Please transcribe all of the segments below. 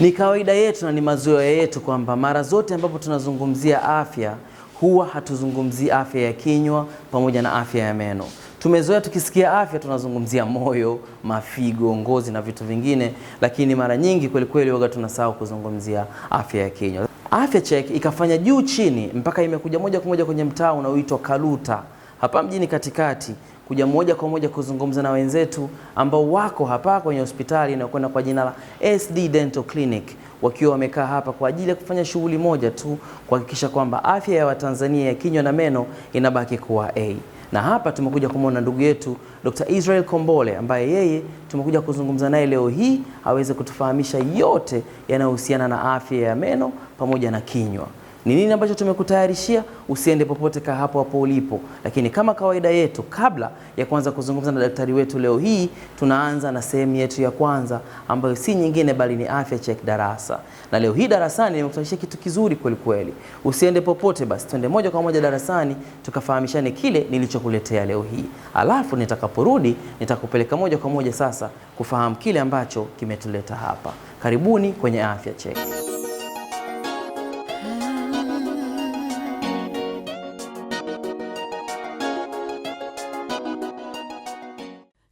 Ni kawaida yetu na ni mazoea yetu kwamba mara zote ambapo tunazungumzia afya huwa hatuzungumzii afya ya kinywa pamoja na afya ya meno. Tumezoea tukisikia afya tunazungumzia moyo, mafigo, ngozi na vitu vingine, lakini mara nyingi kweli kweli waga tunasahau kuzungumzia afya ya kinywa. Afya Check ikafanya juu chini mpaka imekuja moja kwa moja kwenye mtaa unaoitwa Kaluta hapa mjini katikati kuja moja kwa moja kuzungumza na wenzetu ambao wako hapa kwenye hospitali inayokwenda kwa jina la SD Dental Clinic, wakiwa wamekaa hapa kwa ajili ya kufanya shughuli moja tu, kuhakikisha kwamba afya ya Watanzania ya kinywa na meno inabaki kuwa A. Na hapa tumekuja kumwona ndugu yetu Dr. Israel Kombole ambaye yeye tumekuja kuzungumza naye leo hii aweze kutufahamisha yote yanayohusiana na afya ya meno pamoja na kinywa ni nini ambacho tumekutayarishia. Usiende popote, kaa hapo hapo ulipo. Lakini kama kawaida yetu, kabla ya kuanza kuzungumza na daktari wetu leo hii, tunaanza na sehemu yetu ya kwanza ambayo si nyingine bali ni afya check darasa. Na leo hii darasani nimekutayarishia kitu kizuri kweli kweli. Usiende popote, basi twende moja kwa moja darasani tukafahamishane kile nilichokuletea leo hii, alafu nitakaporudi nitakupeleka moja kwa moja sasa kufahamu kile ambacho kimetuleta hapa. Karibuni kwenye afya check.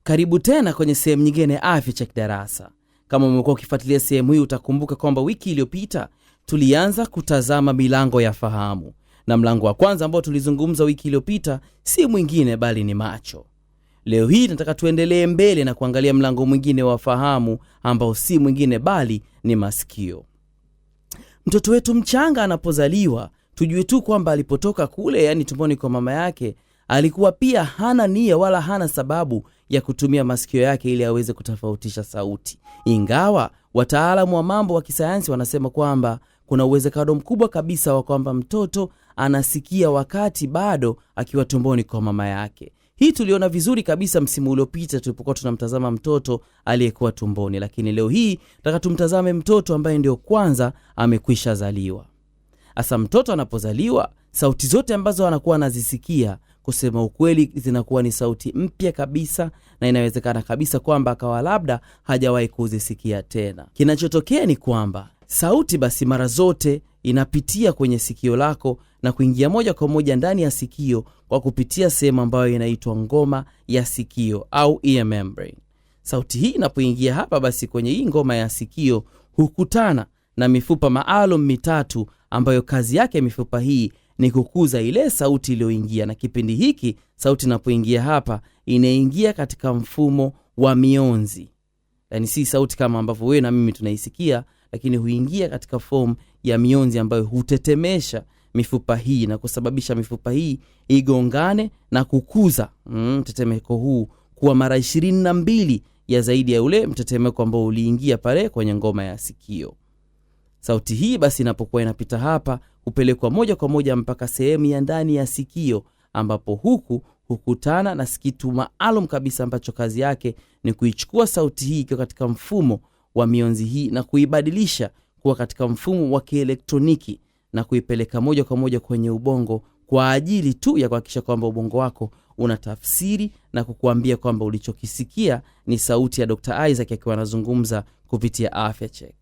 Karibu tena kwenye sehemu nyingine ya Afya cha kidarasa Kama umekuwa ukifuatilia sehemu hii, utakumbuka kwamba wiki iliyopita tulianza kutazama milango ya fahamu, na mlango wa kwanza ambao tulizungumza wiki iliyopita si mwingine bali ni macho. Leo hii nataka tuendelee mbele na kuangalia mlango mwingine wa fahamu ambao si mwingine bali ni masikio. Mtoto wetu mchanga anapozaliwa, tujue tu kwamba alipotoka kule, yani tumboni kwa mama yake, Alikuwa pia hana nia wala hana sababu ya kutumia masikio yake ili aweze kutofautisha sauti, ingawa wataalamu wa mambo wa kisayansi wanasema kwamba kuna uwezekano mkubwa kabisa wa kwamba mtoto anasikia wakati bado akiwa tumboni kwa mama yake. Hii tuliona vizuri kabisa msimu uliopita tulipokuwa tunamtazama mtoto aliyekuwa tumboni, lakini leo hii taka tumtazame mtoto ambaye ndio kwanza amekwisha zaliwa. Asa, mtoto anapozaliwa sauti zote ambazo anakuwa anazisikia kusema ukweli, zinakuwa ni sauti mpya kabisa, na inawezekana kabisa kwamba akawa labda hajawahi kuzisikia tena. Kinachotokea ni kwamba sauti basi mara zote inapitia kwenye sikio lako na kuingia moja kwa moja ndani ya sikio kwa kupitia sehemu ambayo inaitwa ngoma ya sikio au Sauti hii inapoingia hapa, basi kwenye hii ngoma ya sikio hukutana na mifupa maalum mitatu ambayo kazi yake mifupa hii ni kukuza ile sauti iliyoingia, na kipindi hiki sauti inapoingia hapa inaingia katika mfumo wa mionzi, yani si sauti kama ambavyo wewe na mimi tunaisikia, lakini huingia katika fomu ya mionzi ambayo hutetemesha mifupa hii na kusababisha mifupa hii igongane na kukuza mm, mtetemeko mm, huu kuwa mara ishirini na mbili ya zaidi ya ule mtetemeko ambao uliingia pale kwenye ngoma ya sikio. Sauti hii basi inapokuwa inapita hapa, hupelekwa moja kwa moja mpaka sehemu ya ndani ya sikio, ambapo huku hukutana na sikitu maalum kabisa ambacho kazi yake ni kuichukua sauti hii ikiwa katika mfumo wa mionzi hii na kuibadilisha kuwa katika mfumo wa kielektroniki na kuipeleka moja kwa moja kwenye ubongo kwa ajili tu ya kuhakikisha kwamba ubongo wako una tafsiri na kukuambia kwamba ulichokisikia ni sauti ya Dr. Isaac akiwa anazungumza kupitia Afya Check.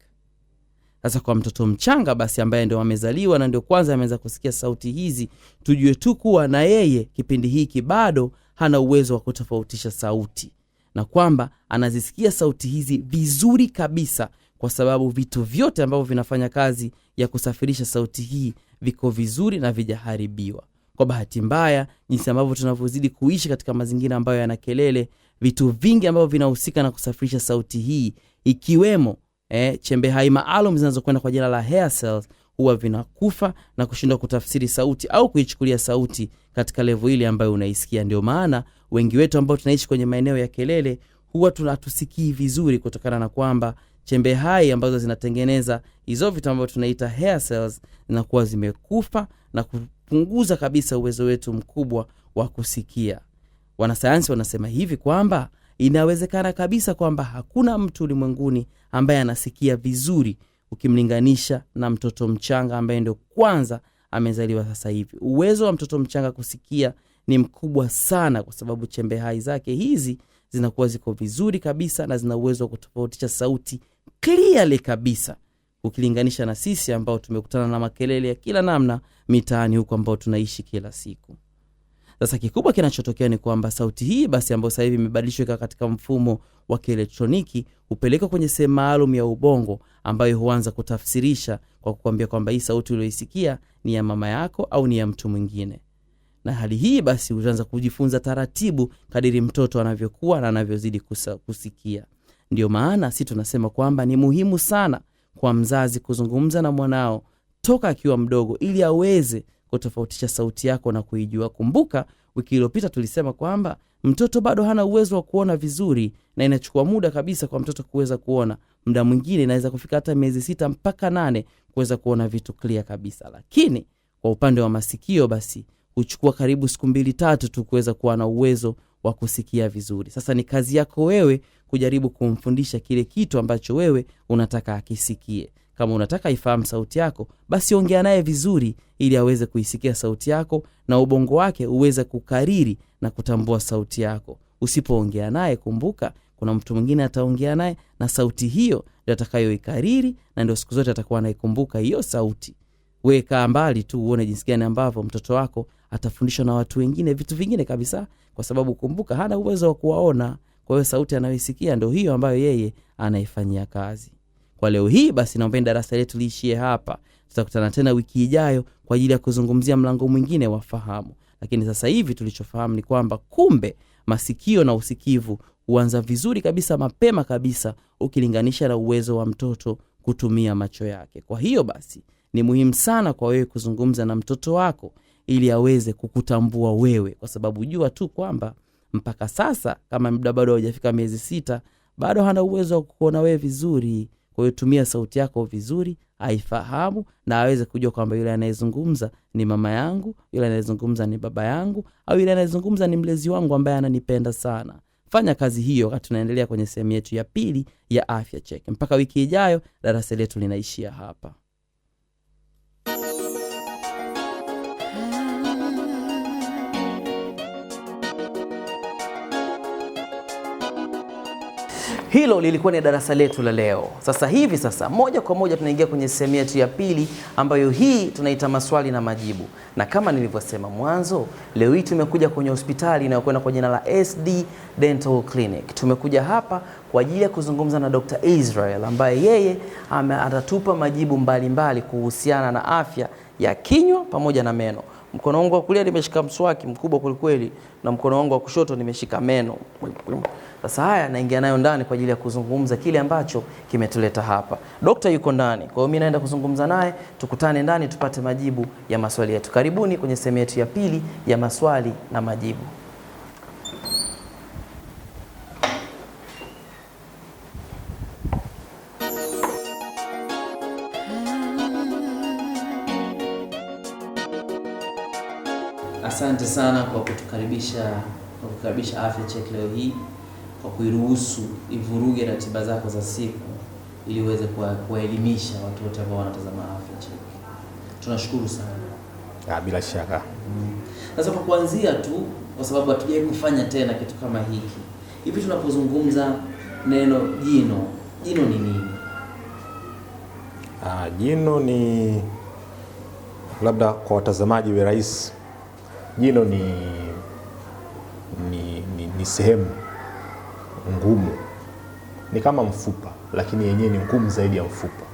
Sasa kwa mtoto mchanga basi, ambaye ndio amezaliwa na ndio kwanza ameweza kusikia sauti hizi, tujue tu kuwa na yeye kipindi hiki bado hana uwezo wa kutofautisha sauti, na kwamba anazisikia sauti hizi vizuri kabisa, kwa sababu vitu vyote ambavyo vinafanya kazi ya kusafirisha sauti hii viko vizuri na vijaharibiwa. Kwa bahati mbaya, jinsi ambavyo tunavyozidi kuishi katika mazingira ambayo yana kelele, vitu vingi ambavyo vinahusika na kusafirisha sauti hii ikiwemo eh, chembe hai maalum zinazokwenda kwa jina la hair cells huwa vinakufa na kushindwa kutafsiri sauti au kuichukulia sauti katika levo ile ambayo unaisikia. Ndio maana wengi wetu ambao tunaishi kwenye maeneo ya kelele huwa tunatusikii vizuri, kutokana na kwamba chembe hai ambazo zinatengeneza hizo vitu ambavyo tunaita hair cells zinakuwa zimekufa na kupunguza kabisa uwezo wetu mkubwa wa kusikia. Wanasayansi wanasema hivi kwamba Inawezekana kabisa kwamba hakuna mtu ulimwenguni ambaye anasikia vizuri ukimlinganisha na mtoto mchanga ambaye ndio kwanza amezaliwa sasa hivi. Uwezo wa mtoto mchanga kusikia ni mkubwa sana, kwa sababu chembe hai zake hizi zinakuwa ziko vizuri kabisa na zina uwezo wa kutofautisha sauti clearly kabisa ukilinganisha na sisi ambao tumekutana na makelele ya kila namna mitaani huko ambao tunaishi kila siku. Sasa kikubwa kinachotokea ni kwamba sauti hii basi ambayo sasa hivi imebadilishwa katika mfumo wa kielektroniki hupelekwa kwenye sehemu maalum ya ubongo ambayo huanza kutafsirisha kwa kukwambia kwamba hii sauti uliyoisikia ni ya mama yako au ni ya mtu mwingine. Na hali hii basi utaanza kujifunza taratibu kadiri mtoto anavyokuwa na anavyozidi kusikia. Ndio maana si tunasema kwamba ni muhimu sana kwa mzazi kuzungumza na mwanao toka akiwa mdogo ili aweze kutofautisha sauti yako na kuijua. Kumbuka wiki iliyopita tulisema kwamba mtoto bado hana uwezo wa kuona vizuri, na inachukua muda kabisa kwa mtoto kuweza kuona. mda mwingine inaweza kufika hata miezi sita mpaka nane kuweza kuona vitu clear kabisa, lakini kwa upande wa masikio basi huchukua karibu siku mbili tatu tu kuweza kuwa na uwezo wa kusikia vizuri. Sasa ni kazi yako wewe kujaribu kumfundisha kile kitu ambacho wewe unataka akisikie. Kama unataka ifahamu sauti yako, basi ongea naye vizuri, ili aweze kuisikia sauti yako na ubongo wake uweze kukariri na kutambua sauti yako. Usipoongea naye, kumbuka kuna mtu mwingine ataongea naye, na sauti hiyo ndio atakayoikariri, na ndio siku zote atakuwa anaikumbuka hiyo sauti. Weka mbali tu, uone jinsi gani ambavyo mtoto wako atafundishwa na watu wengine vitu vingine kabisa, kwa sababu kumbuka, hana uwezo wa kuwaona. Kwa hiyo sauti anayoisikia ndio hiyo ambayo yeye anaifanyia kazi. Kwa leo hii basi, naomba darasa letu liishie hapa. Tutakutana tena wiki ijayo kwa ajili ya kuzungumzia mlango mwingine wa fahamu. Lakini sasa hivi tulichofahamu ni kwamba kumbe masikio na usikivu huanza vizuri kabisa mapema kabisa ukilinganisha na uwezo wa mtoto kutumia macho yake. Kwa hiyo basi, ni muhimu sana kwa wewe kuzungumza na mtoto wako ili aweze kukutambua wewe, kwa sababu jua tu kwamba mpaka sasa, kama muda bado haujafika miezi sita, bado hana uwezo wa kukuona wewe vizuri kwahiyo tumia sauti yako vizuri, aifahamu na aweze kujua kwamba yule anayezungumza ni mama yangu, yule anayezungumza ni baba yangu, au yule anayezungumza ni mlezi wangu ambaye ananipenda sana. Fanya kazi hiyo wakati tunaendelea kwenye sehemu yetu ya pili ya afya cheke Mpaka wiki ijayo, darasa letu linaishia hapa. Hilo lilikuwa ni darasa letu la leo. Sasa hivi sasa moja kwa moja tunaingia kwenye sehemu yetu ya pili ambayo hii tunaita maswali na majibu, na kama nilivyosema mwanzo, leo hii tumekuja kwenye hospitali inayokwenda kwa jina la SD Dental Clinic. Tumekuja hapa kwa ajili ya kuzungumza na Dr. Israel ambaye yeye atatupa majibu mbalimbali mbali kuhusiana na afya ya kinywa pamoja na meno. Mkono wangu wa kulia nimeshika mswaki mkubwa kwelikweli, na mkono wangu wa kushoto nimeshika meno. Sasa haya naingia nayo ndani kwa ajili ya kuzungumza kile ambacho kimetuleta hapa. Dokta yuko ndani, kwa hiyo mimi naenda kuzungumza naye, tukutane ndani tupate majibu ya maswali yetu. Karibuni kwenye sehemu yetu ya pili ya maswali na majibu. Asante sana kwa kutukaribisha kwa kukaribisha Afya Check leo hii kwa kuiruhusu ivuruge ratiba zako za siku ili uweze kuwaelimisha watu wote ambao wanatazama Afya Check. Tunashukuru sana. Ya, bila shaka. Mm. Sasa mm, kwa kuanzia tu, kwa sababu hatujawahi kufanya tena kitu kama hiki. Hivi tunapozungumza neno jino, jino ni nini? Ah, jino ni labda kwa watazamaji wa rahisi, jino ni ni, ni, ni sehemu ngumu, ni kama mfupa, lakini yenyewe ni ngumu zaidi ya mfupa.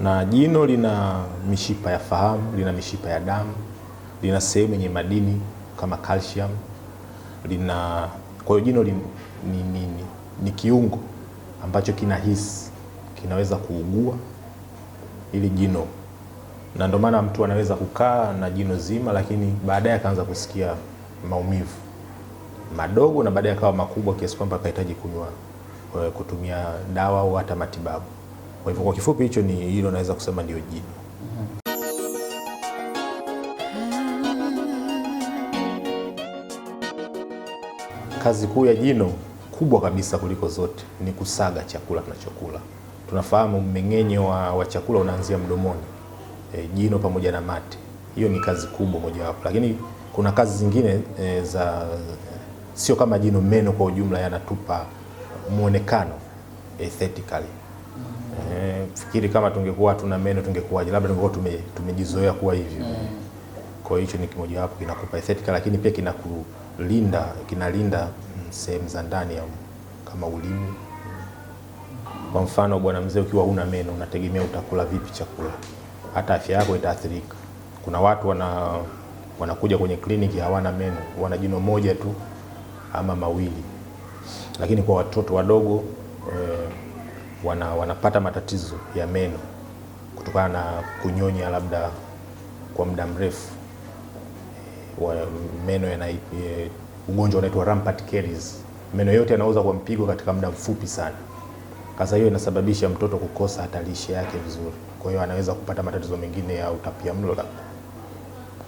Na jino lina mishipa ya fahamu, lina mishipa ya damu, lina sehemu yenye madini kama calcium, lina kwa hiyo jino li, ni, ni, ni, ni kiungo ambacho kinahisi, kinaweza kuugua ili jino na ndio maana mtu anaweza kukaa na jino zima, lakini baadaye akaanza kusikia maumivu madogo na baadaye akawa makubwa kiasi kwamba akahitaji kunywa eh, kutumia dawa au hata matibabu. Kwa hivyo kwa kifupi, hicho ni hilo, naweza kusema ndio jino. Kazi kuu ya jino kubwa kabisa kuliko zote ni kusaga chakula tunachokula. Tunafahamu mmeng'enyo wa, wa chakula unaanzia mdomoni, e, jino pamoja na mate. Hiyo ni kazi kubwa mojawapo, lakini kuna kazi zingine e, za sio kama jino, meno kwa ujumla yanatupa muonekano aesthetically. Mm. E, fikiri kama tungekuwa tuna meno tungekuwaje? Labda tungekuwa tume, tumejizoea kuwa hivyo. Mm. Kwa hiyo hicho ni kimoja wapo kinakupa aesthetically, lakini pia kinakulinda, kinalinda mm, sehemu za ndani ya kama ulimi. Kwa mfano bwana mzee, ukiwa huna meno unategemea utakula vipi chakula? Hata afya yako itaathirika. Kuna watu wana wanakuja kwenye kliniki hawana meno, wana jino moja tu ama mawili, lakini kwa watoto wadogo eh, wana, wanapata matatizo ya meno kutokana na kunyonya labda kwa muda mrefu eh, wa meno yana eh, ugonjwa unaitwa rampant caries. Meno yote yanaoza kwa mpigo katika muda mfupi sana. Sasa hiyo inasababisha mtoto kukosa hata lishe yake vizuri, kwa hiyo anaweza kupata matatizo mengine ya utapiamlo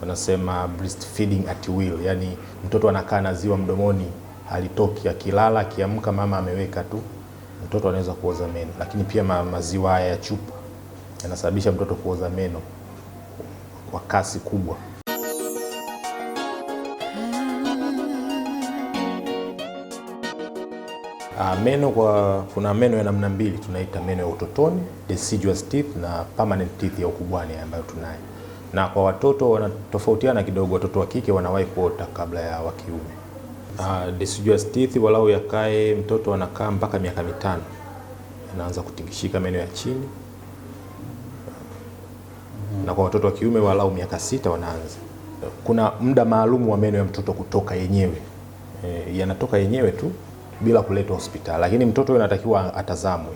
wanasema breastfeeding at will, yani mtoto anakaa na ziwa mdomoni halitoki, akilala akiamka, mama ameweka tu, mtoto anaweza kuoza meno. Lakini pia maziwa haya ya chupa yanasababisha mtoto kuoza meno kwa kasi kubwa. A, ah, meno kwa kuna meno ya namna mbili, tunaita meno ya utotoni deciduous teeth na permanent teeth ya ukubwani ambayo tunayo na kwa watoto wanatofautiana kidogo, watoto wa kike wanawahi kuota kabla ya wa kiume. Uh, ah, deciduous teeth walau yakae, mtoto anakaa mpaka miaka mitano anaanza kutingishika meno ya chini, na kwa watoto wa kiume walau miaka sita wanaanza. Kuna muda maalumu wa meno ya mtoto kutoka yenyewe, e, yanatoka yenyewe tu bila kuletwa hospitali, lakini mtoto anatakiwa atazamwe,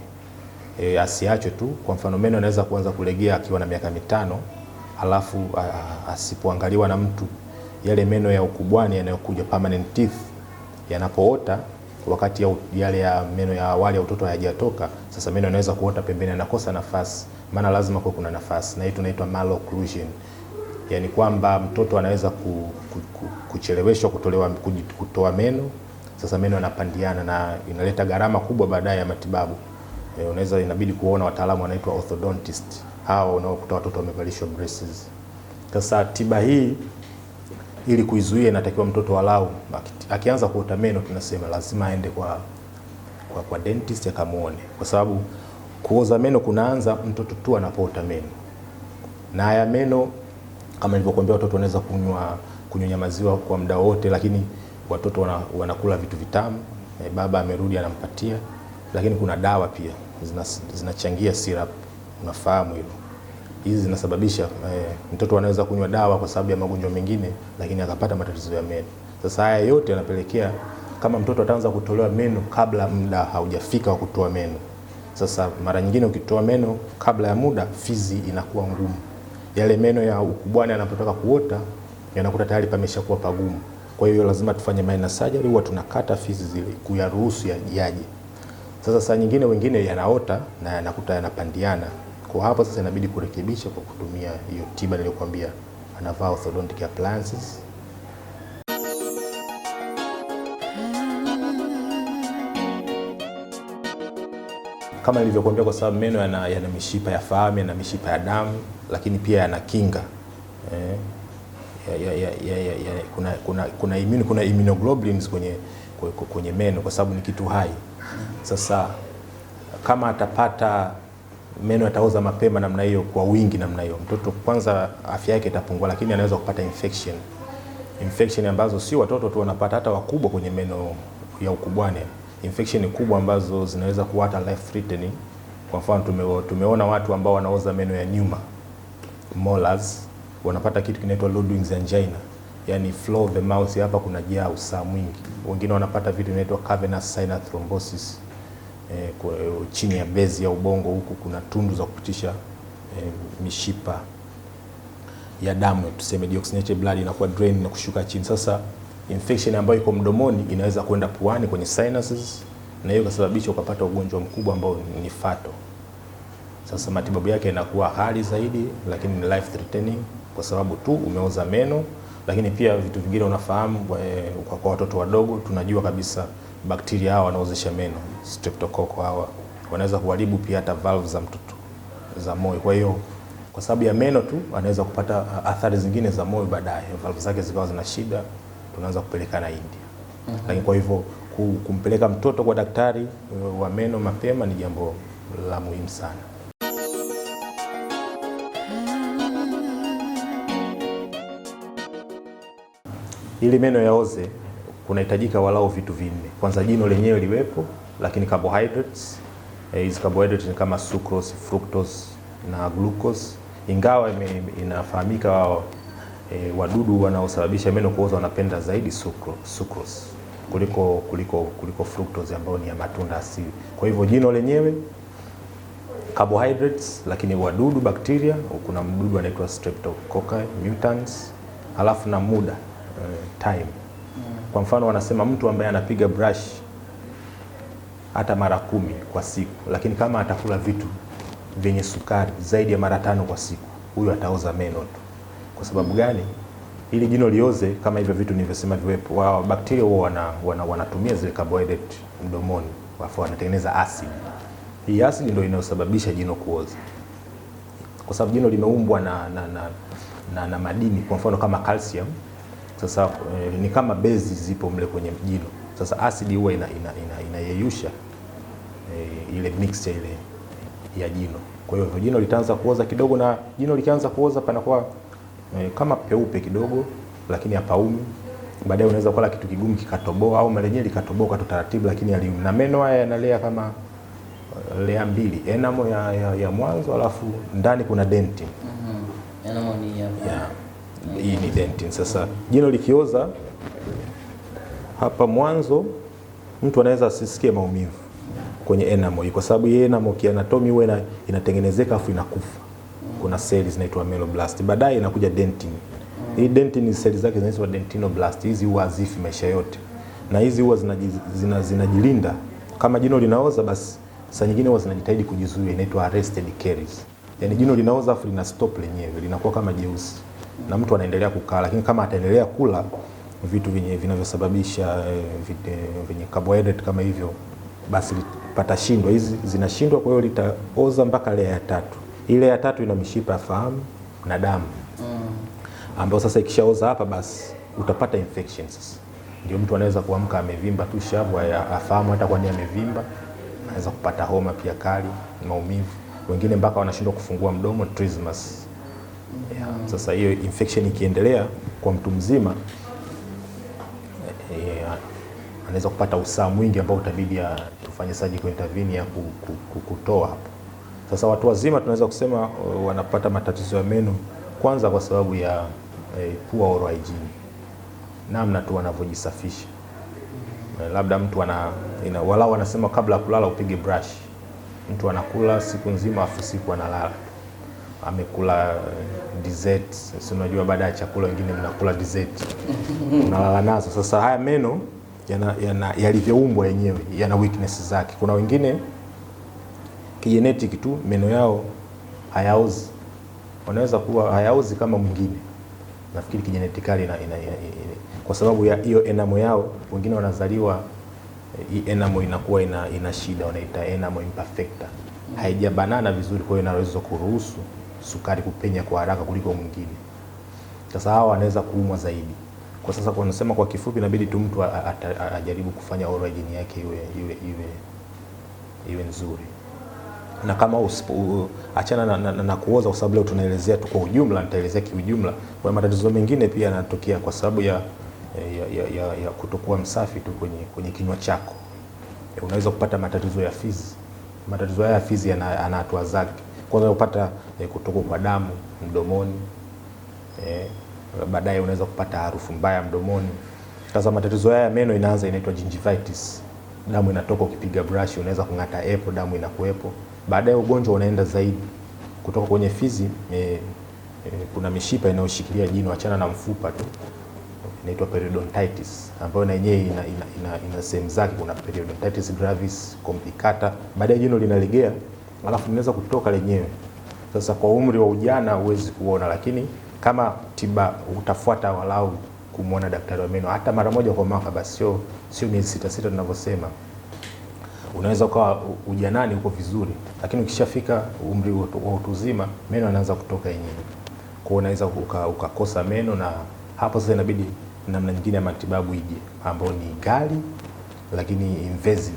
e, asiachwe tu. Kwa mfano meno anaweza kuanza kulegea akiwa na miaka mitano alafu asipoangaliwa na mtu, yale meno ya ukubwani yanayokuja permanent teeth yanapoota wakati ya yale ya meno ya awali ya utoto hayajatoka, sasa meno yanaweza kuota pembeni, yanakosa nafasi, maana lazima kuwe kuna nafasi, na hii tunaitwa malocclusion, yani kwamba mtoto anaweza ku, ku, ku, kucheleweshwa kutolewa kutoa meno. Sasa meno yanapandiana na inaleta gharama kubwa baadaye ya matibabu. E, unaweza inabidi kuona wataalamu wanaitwa orthodontist hawa unaokuta watoto wamevalishwa braces. Sasa tiba hii ili kuizuia, inatakiwa mtoto walau akianza kuota meno, tunasema lazima aende kwa, kwa, kwa dentist akamuone, kwa sababu kuoza meno kunaanza mtoto tu anapoota meno, na haya meno kama nilivyokuambia, watoto wanaweza kunywa kunyonya maziwa kwa muda wote, lakini watoto wana, wanakula vitu vitamu e, baba amerudi anampatia, lakini kuna dawa pia zinachangia zina syrup, unafahamu hilo hizi zinasababisha eh, mtoto anaweza kunywa dawa kwa sababu ya magonjwa mengine, lakini akapata matatizo ya meno. Sasa haya yote yanapelekea kama mtoto ataanza kutolewa meno kabla muda haujafika wa kutoa meno. Sasa mara nyingine ukitoa meno kabla ya muda, fizi inakuwa ngumu, yale meno ya ukubwani yanapotoka kuota yanakuta tayari pameshakuwa pagumu. Kwa hiyo lazima tufanye minor surgery, huwa tunakata fizi zile kuyaruhusu yajaje. Sasa saa nyingine wengine yanaota na yanakuta yanapandiana kwa hapo sasa inabidi kurekebisha kwa kutumia hiyo tiba niliyokuambia, anavaa orthodontic appliances kama nilivyokuambia, kwa sababu meno yana, yana mishipa ya fahamu, yana mishipa ya damu, lakini pia yana kinga eh, ya, ya, ya, ya, ya, kuna, kuna, kuna, immune, kuna immunoglobulins kwenye, kwenye meno kwa sababu ni kitu hai. Sasa kama atapata meno yataoza mapema namna hiyo, kwa wingi namna hiyo, mtoto kwanza afya yake itapungua, lakini anaweza kupata infection, infection ambazo si watoto tu wanapata, hata wakubwa kwenye meno ya ukubwani, infection kubwa ambazo zinaweza kuwa hata life threatening. Kwa mfano tume, tumeona watu ambao wanaoza meno ya nyuma molars, wanapata kitu kinaitwa Ludwig's angina, yani floor of the mouth, hapa kuna jaa usaa mwingi. Wengine wanapata vitu vinaitwa cavernous sinus thrombosis eh, kwa, chini ya bezi ya ubongo huku kuna tundu za kupitisha eh, mishipa ya damu tuseme deoxygenated blood inakuwa drain na kushuka chini. Sasa infection ambayo iko mdomoni inaweza kwenda puani kwenye sinuses, na hiyo ikasababisha ukapata ugonjwa mkubwa ambao ni fato. Sasa matibabu yake inakuwa hali zaidi, lakini ni life threatening kwa sababu tu umeoza meno, lakini pia vitu vingine unafahamu, eh, kwa, kwa watoto wadogo tunajua kabisa bakteria hawa wanaozesha meno streptococcus hawa wanaweza kuharibu pia hata valve za mtoto za moyo. Kwa hiyo kwa sababu ya meno tu anaweza kupata athari zingine za moyo baadaye, valve zake zikawa zina shida, tunaanza kupelekana India. mm -hmm. Lakini kwa hivyo kumpeleka mtoto kwa daktari e, wa meno mapema ni jambo la muhimu sana. Ili meno yaoze kunahitajika walau vitu vinne. Kwanza jino lenyewe liwepo, lakini carbohydrates eh, hizi carbohydrates ni kama sucrose, fructose na glucose, ingawa inafahamika e, wadudu wanaosababisha meno kuoza wanapenda zaidi sucrose kuliko kuliko kuliko fructose ambayo ni ya matunda asili. Kwa hivyo jino lenyewe carbohydrates, lakini wadudu bacteria, kuna mdudu anaitwa streptococcus mutans, halafu na muda eh, time kwa mfano wanasema mtu ambaye anapiga brush hata mara kumi kwa siku, lakini kama atakula vitu vyenye sukari zaidi ya mara tano kwa siku, huyo ataoza meno tu. Kwa sababu gani? Ili jino lioze, kama hivyo vitu nilivyosema viwepo, wa bakteria huwa wana, wana, wanatumia zile carbohydrate mdomoni, wafu wanatengeneza asidi. Hii asidi ndio inayosababisha jino kuoza, kwa sababu jino limeumbwa na, na, na, na, na madini kwa mfano kama calcium sasa eh, ni kama bezi zipo mle kwenye mjino. Sasa asidi huwa inayeyusha ina, ina, ina eh, ile mixture ile ya jino. Kwa hiyo jino litaanza kuoza kidogo, na jino likianza kuoza panakuwa eh, kama peupe kidogo, lakini hapaumi. Baadaye unaweza kula kitu kigumu kikatoboa, au mara likatoboka tu taratibu, lakini haliumi. Na meno haya yanalea kama eh, lea mbili, enamo ya, ya, ya mwanzo alafu ndani kuna denti. mm -hmm. enamo ni ya, yeah hii ni dentin. Sasa jino likioza hapa mwanzo, mtu anaweza asisikie maumivu kwenye enamel kwa sababu yeye enamel kianatomi huwa inatengenezeka afu inakufa. Kuna seli zinaitwa ameloblast, baadaye inakuja dentin. Hii dentin ni seli zake zinaitwa dentinoblast. Hizi huwa hazifi maisha yote, na hizi huwa zinajilinda zina, zina kama jino linaoza basi saa nyingine huwa zinajitahidi kujizuia, inaitwa arrested caries. Yani jino linaoza afu lina stop lenyewe, linakuwa kama jeusi na mtu anaendelea kukaa, lakini kama ataendelea kula vitu vinavyosababisha eh, vyenye carbohydrate kama hivyo, basi patashindwa, hizi zinashindwa, kwa hiyo litaoza mpaka lea ya tatu. Ile ya tatu ina mishipa ya fahamu na damu mm. ambayo sasa ikishaoza hapa, basi utapata infections. ndio mtu anaweza kuamka amevimba tu shavu, ya afahamu hata kwani amevimba, anaweza kupata homa pia kali, maumivu, wengine mpaka wanashindwa kufungua mdomo trismus Yeah. Sasa hiyo infection ikiendelea kwa mtu mzima yeah, eh, anaweza kupata usaa mwingi ambao utabidi tufanye surgical intervention ya kutoa hapo. Sasa watu wazima tunaweza kusema eh, wanapata matatizo ya meno kwanza kwa sababu ya eh, poor oral hygiene, namna tu wanavyojisafisha eh, labda mtu ana ina, walau wanasema kabla ya kulala upige brush. Mtu anakula siku nzima afu siku analala amekula dessert. Si unajua baada ya chakula wengine mnakula dessert, unalala nazo. Sasa haya meno yalivyoumbwa yana, yenyewe yana weakness zake. Kuna wengine kijenetic tu meno yao hayaozi, wanaweza kuwa hayaozi kama mwingine, nafikiri kijenetikali ina, ina, ina, ina, kwa sababu ya hiyo enamo yao. Wengine wanazaliwa eh, hii enamo inakuwa ina, ina shida, wanaita enamo imperfecta, mm. haijabanana vizuri, kwa hiyo inaweza kuruhusu sukari kupenya kwa haraka kuliko mwingine. Sasa hawa wanaweza kuumwa zaidi. Kwa sasa kwa nasema kwa kifupi, inabidi tu mtu ajaribu kufanya origin yake iwe iwe iwe iwe nzuri, na kama usipo achana na, na, na, na kuoza, kwa sababu leo tunaelezea tu kwa ujumla, nitaelezea kiujumla. Kwa matatizo mengine pia yanatokea kwa sababu ya ya, ya, ya, ya kutokuwa msafi tu kwenye, kwenye kinywa chako. Unaweza kupata matatizo ya fizi. Matatizo haya ya fizi yana hatua zake kwanza kupata e, eh, kutoka kwa damu mdomoni eh, baadaye unaweza kupata harufu mbaya mdomoni. Sasa matatizo haya ya meno inaanza inaitwa gingivitis. Damu inatoka ukipiga brush, unaweza kung'ata epo, damu inakuwepo. Baadaye ugonjwa unaenda zaidi kutoka kwenye fizi e, e, kuna mishipa inayoshikilia jino, achana na mfupa tu, inaitwa periodontitis ambayo na yenyewe ina, ina, ina, ina sehemu zake. Kuna periodontitis gravis complicata, baadaye jino linalegea alafu linaweza kutoka lenyewe. Sasa kwa umri wa ujana huwezi kuona, lakini kama tiba utafuata walau kumwona daktari wa meno hata mara moja kwa mwaka, basi sio sio miezi sita sita tunavyosema. Unaweza ukawa ujanani uko vizuri, lakini ukishafika umri wa utu uzima meno yanaanza kutoka yenyewe, kwa unaweza ukakosa meno, na hapo sasa inabidi namna nyingine ya matibabu ije, ambayo ni ghali lakini invasive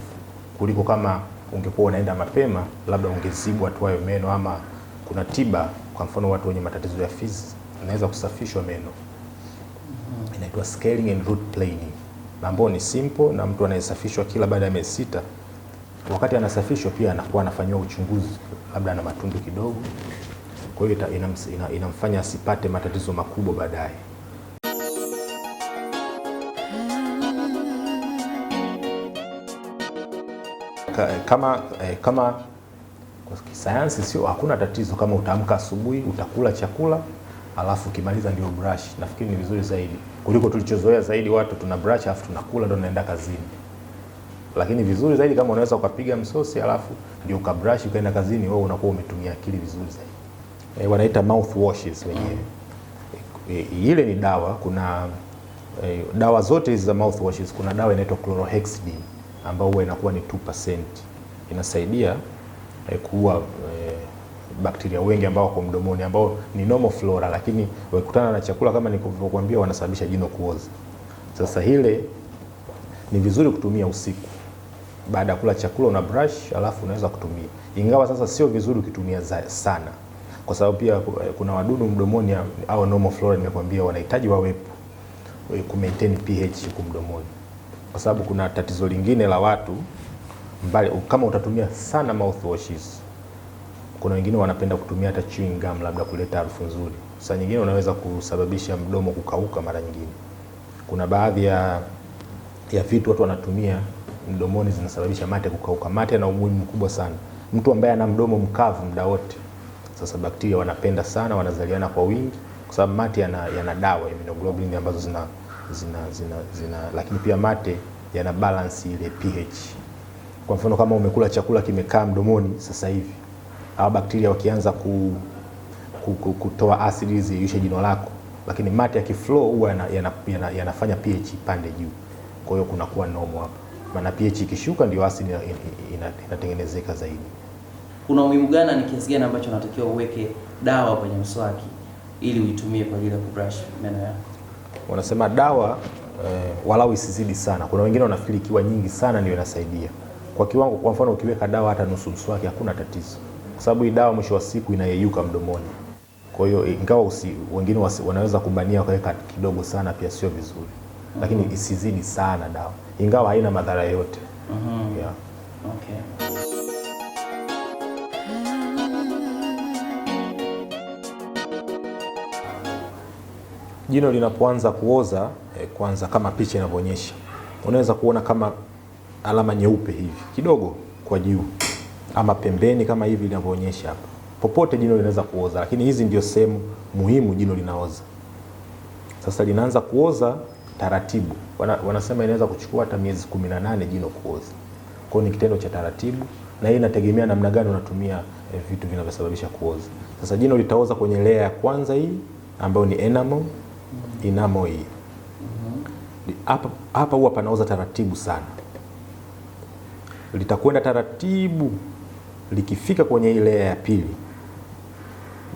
kuliko kama ungekuwa unaenda mapema, labda ungezibwa tu hayo meno, ama kuna tiba. Kwa mfano watu wenye matatizo ya fizi inaweza kusafishwa meno mm-hmm. inaitwa scaling and root planing, ambayo ni simple na mtu anayesafishwa kila baada ya miezi sita. Wakati anasafishwa pia anakuwa anafanyiwa uchunguzi, labda ana matundu kidogo, kwa hiyo inamfanya asipate matatizo makubwa baadaye. kama, eh, kama kwa kisayansi sio, hakuna tatizo kama utaamka asubuhi utakula chakula alafu ukimaliza ndio brush. Nafikiri ni vizuri zaidi kuliko tulichozoea zaidi, watu tuna brush alafu tunakula ndio tunaenda kazini. Lakini vizuri zaidi kama unaweza ukapiga msosi alafu ndio ukabrush ukaenda kazini, wewe unakuwa umetumia akili vizuri zaidi. E, wanaita mouth washes wenyewe. E, ile ni dawa. Kuna e, dawa zote hizi za mouth washes, kuna dawa inaitwa chlorhexidine ambao huwa inakuwa ni 2%. Inasaidia eh, kuua eh, bakteria wengi ambao wako mdomoni ambao ni normal flora, lakini wakikutana na chakula kama nilivyokuambia, wanasababisha jino kuoza. Sasa hile ni vizuri kutumia usiku baada ya kula chakula, una brush alafu unaweza kutumia, ingawa sasa sio vizuri ukitumia sana, kwa sababu pia eh, kuna wadudu mdomoni au normal flora, nimekwambia wanahitaji wawepo eh, ku maintain pH huko mdomoni kwa sababu kuna tatizo lingine la watu mbali, kama utatumia sana mouthwashes, kuna wengine wanapenda kutumia hata chewing gum, labda kuleta harufu nzuri. Saa nyingine unaweza kusababisha mdomo kukauka. Mara nyingine kuna baadhi ya ya vitu watu wanatumia mdomoni zinasababisha mate kukauka. Mate yana umuhimu mkubwa sana. Mtu ambaye ana mdomo mkavu muda wote, sasa bakteria wanapenda sana, wanazaliana kwa wingi, kwa sababu mate yana, yana dawa immunoglobulin ambazo zina zina, zina, zina lakini pia mate yana balance ile pH. Kwa mfano kama umekula chakula kimekaa mdomoni sasa hivi, au bakteria wakianza ku, ku, ku, kutoa asidi ziyeyushe jino lako, lakini mate ya kiflow huwa yanafanya yana, yana, yana pH pande juu, kwa hiyo kunakuwa normal hapa, maana pH ikishuka ndio asidi inatengenezeka ina, ina zaidi. Kuna umuhimu gani, ni kiasi gani ambacho natakiwa uweke dawa kwenye mswaki ili uitumie kwa ajili ya kubrush meno yako? wanasema dawa eh, walau isizidi sana. Kuna wengine wanafikiri ikiwa nyingi sana ndio inasaidia kwa kiwango. Kwa mfano ukiweka dawa hata nusu nusu yake hakuna tatizo, kwa sababu hii dawa mwisho wa siku inayeyuka mdomoni. Kwa hiyo eh, ingawa wengine wasi, wanaweza kumbania wakaweka kidogo sana, pia sio vizuri, lakini isizidi sana dawa, ingawa haina madhara yote. Uh mm-hmm. -huh. yeah. okay. jino linapoanza kuoza eh, kwanza kama picha inavyoonyesha, unaweza kuona kama alama nyeupe hivi kidogo kwa juu ama pembeni kama hivi linavyoonyesha hapa. Popote jino linaweza kuoza, lakini hizi ndio sehemu muhimu jino linaoza. Sasa linaanza kuoza taratibu, wana, wanasema inaweza kuchukua hata miezi 18 jino kuoza. Kwa hiyo ni kitendo cha taratibu, na hii inategemea namna gani unatumia eh, vitu vinavyosababisha kuoza. Sasa jino litaoza kwenye lea ya kwanza hii ambayo ni enamel inamo hii hapa mm -hmm. Huwa panauza taratibu sana, litakwenda taratibu. Likifika kwenye ile ya pili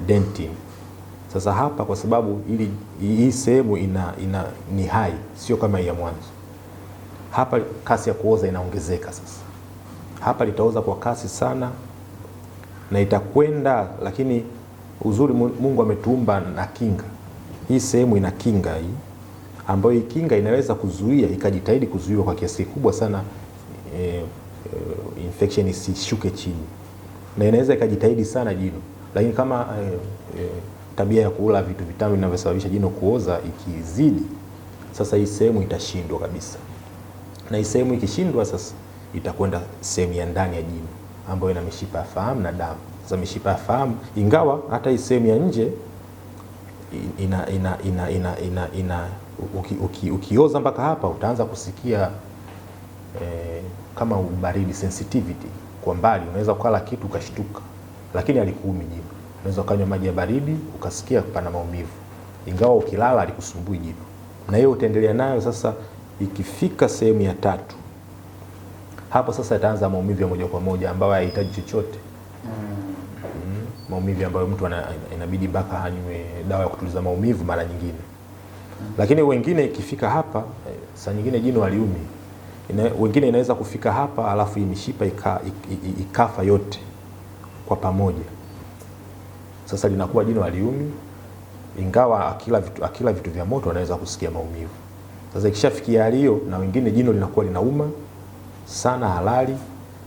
dentin, sasa hapa kwa sababu ili hii sehemu ina, ina ni hai, sio kama ya mwanzo. Hapa kasi ya kuoza inaongezeka sasa, hapa litaoza kwa kasi sana na itakwenda, lakini uzuri Mungu ametuumba na kinga hii sehemu ina kinga hii ambayo kinga inaweza kuzuia ikajitahidi kuzuiwa kwa kiasi kikubwa sana e, e, infection isishuke chini, na inaweza ikajitahidi sana jino, lakini kama e, e, tabia ya kula vitu vitamu vinavyosababisha jino kuoza ikizidi, sasa hii sehemu itashindwa kabisa, na hii sehemu ikishindwa, sasa itakwenda sehemu ya ndani ya jino ambayo ina mishipa ya fahamu na damu. za mishipa ya fahamu, ingawa hata hii sehemu ya nje ina, ina, ina, ina, ina, ina uki, uki, ukioza mpaka hapa utaanza kusikia eh, kama ubaridi sensitivity. Kwa mbali unaweza kukala kitu ukashtuka, lakini alikuumi jino. Unaweza ukanywa maji ya baridi ukasikia pana maumivu, ingawa ukilala alikusumbui jino, na hiyo utaendelea nayo. Sasa ikifika sehemu ya tatu, hapo sasa itaanza maumivu ya moja kwa moja ambayo hayahitaji chochote maumivu ambayo mtu inabidi mpaka anywe dawa ya kutuliza maumivu mara nyingine Lakini wengine ikifika hapa eh, saa nyingine jino waliumi ina, wengine inaweza kufika hapa alafu mishipa ika, ik, ikafa yote kwa pamoja. Sasa linakuwa jino waliumi, ingawa akila vitu, akila vitu vya moto anaweza kusikia maumivu. Sasa ikishafikia hali hiyo, na wengine jino linakuwa linauma sana halali,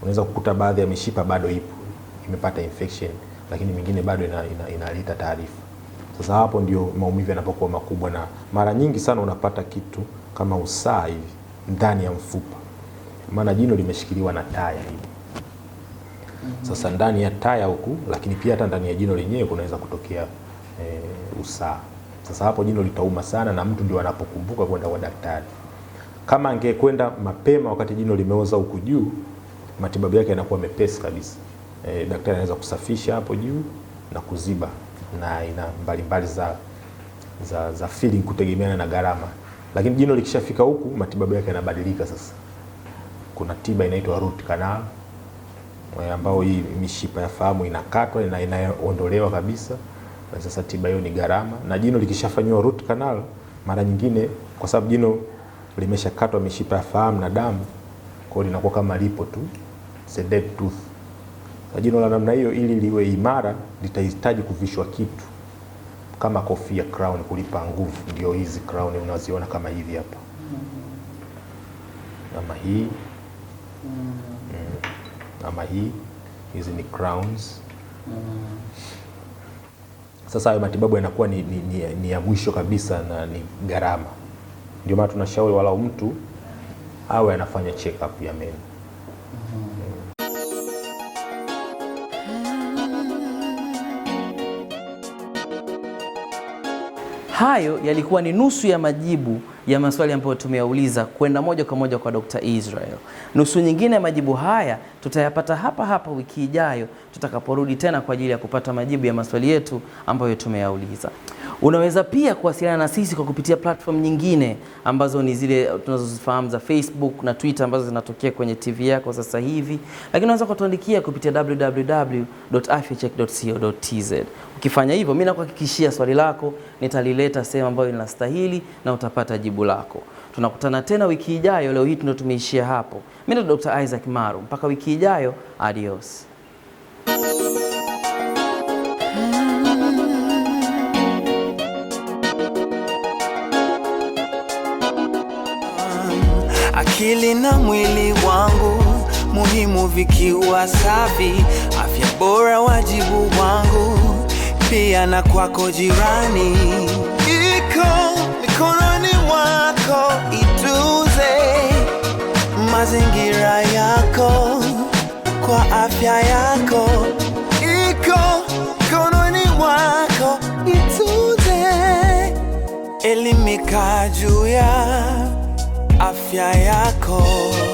unaweza kukuta baadhi ya mishipa bado ipo imepata infection lakini mingine bado inaleta ina, ina taarifa. Sasa hapo ndio maumivu yanapokuwa makubwa, na mara nyingi sana unapata kitu kama usaa hivi ndani ya mfupa, maana jino limeshikiliwa na taya hivi mhm. sasa ndani ya taya huku, lakini pia hata ndani ya jino lenyewe kunaweza kutokea e, usaa. Sasa hapo jino litauma sana, na mtu ndio anapokumbuka kwenda kwa daktari. Kama angekwenda mapema wakati jino limeoza huku juu, matibabu yake yanakuwa mepesi kabisa e, daktari anaweza kusafisha hapo juu na kuziba na aina mbalimbali za, za, za filling kutegemeana na gharama, lakini jino likishafika huku matibabu yake yanabadilika sasa. Kuna tiba inaitwa root canal e, ambao hii mishipa ya fahamu inakatwa na inaondolewa kabisa, na sasa tiba hiyo ni gharama. Na jino likishafanywa root canal, mara nyingine, kwa sababu jino limeshakatwa mishipa ya fahamu na damu, kwa hiyo linakuwa kama lipo tu, sedate tooth na jino la namna hiyo ili liwe imara litahitaji kuvishwa kitu kama kofia crown, kulipa nguvu. Ndio hizi crown unaziona kama hivi hapa, kama mm-hmm. hii kama mm-hmm. hii, hizi ni crowns. Mm-hmm. Sasa hayo matibabu yanakuwa ni, ni, ni, ni ya mwisho kabisa na ni gharama. Ndio maana tunashauri walau mtu awe anafanya check up ya meno. Hayo yalikuwa ni nusu ya majibu ya maswali ambayo tumeyauliza kwenda moja kwa moja kwa Dr. Israel. Nusu nyingine ya majibu haya tutayapata hapa hapa wiki ijayo tutakaporudi tena kwa ajili ya kupata majibu ya maswali yetu ambayo tumeyauliza. Unaweza pia kuwasiliana na sisi kwa kupitia platform nyingine ambazo ni zile tunazozifahamu za Facebook na Twitter ambazo zinatokea kwenye TV yako sasa hivi, lakini unaweza kutuandikia kupitia www.afyacheck.co.tz. Ukifanya hivyo, mimi nakuhakikishia swali lako nitalileta sehemu ambayo linastahili na utapata jibu jibu lako. Tunakutana tena wiki ijayo. Leo hii ndio tumeishia hapo. Mimi ni Dr. Isaac Maru, mpaka wiki ijayo, adios. Akili na mwili wangu muhimu vikiwa safi, afya bora wajibu wangu, pia na kwako jirani. itunze mazingira yako kwa afya yako, iko mkononi mwako. Itunze, elimika juu ya afya yako.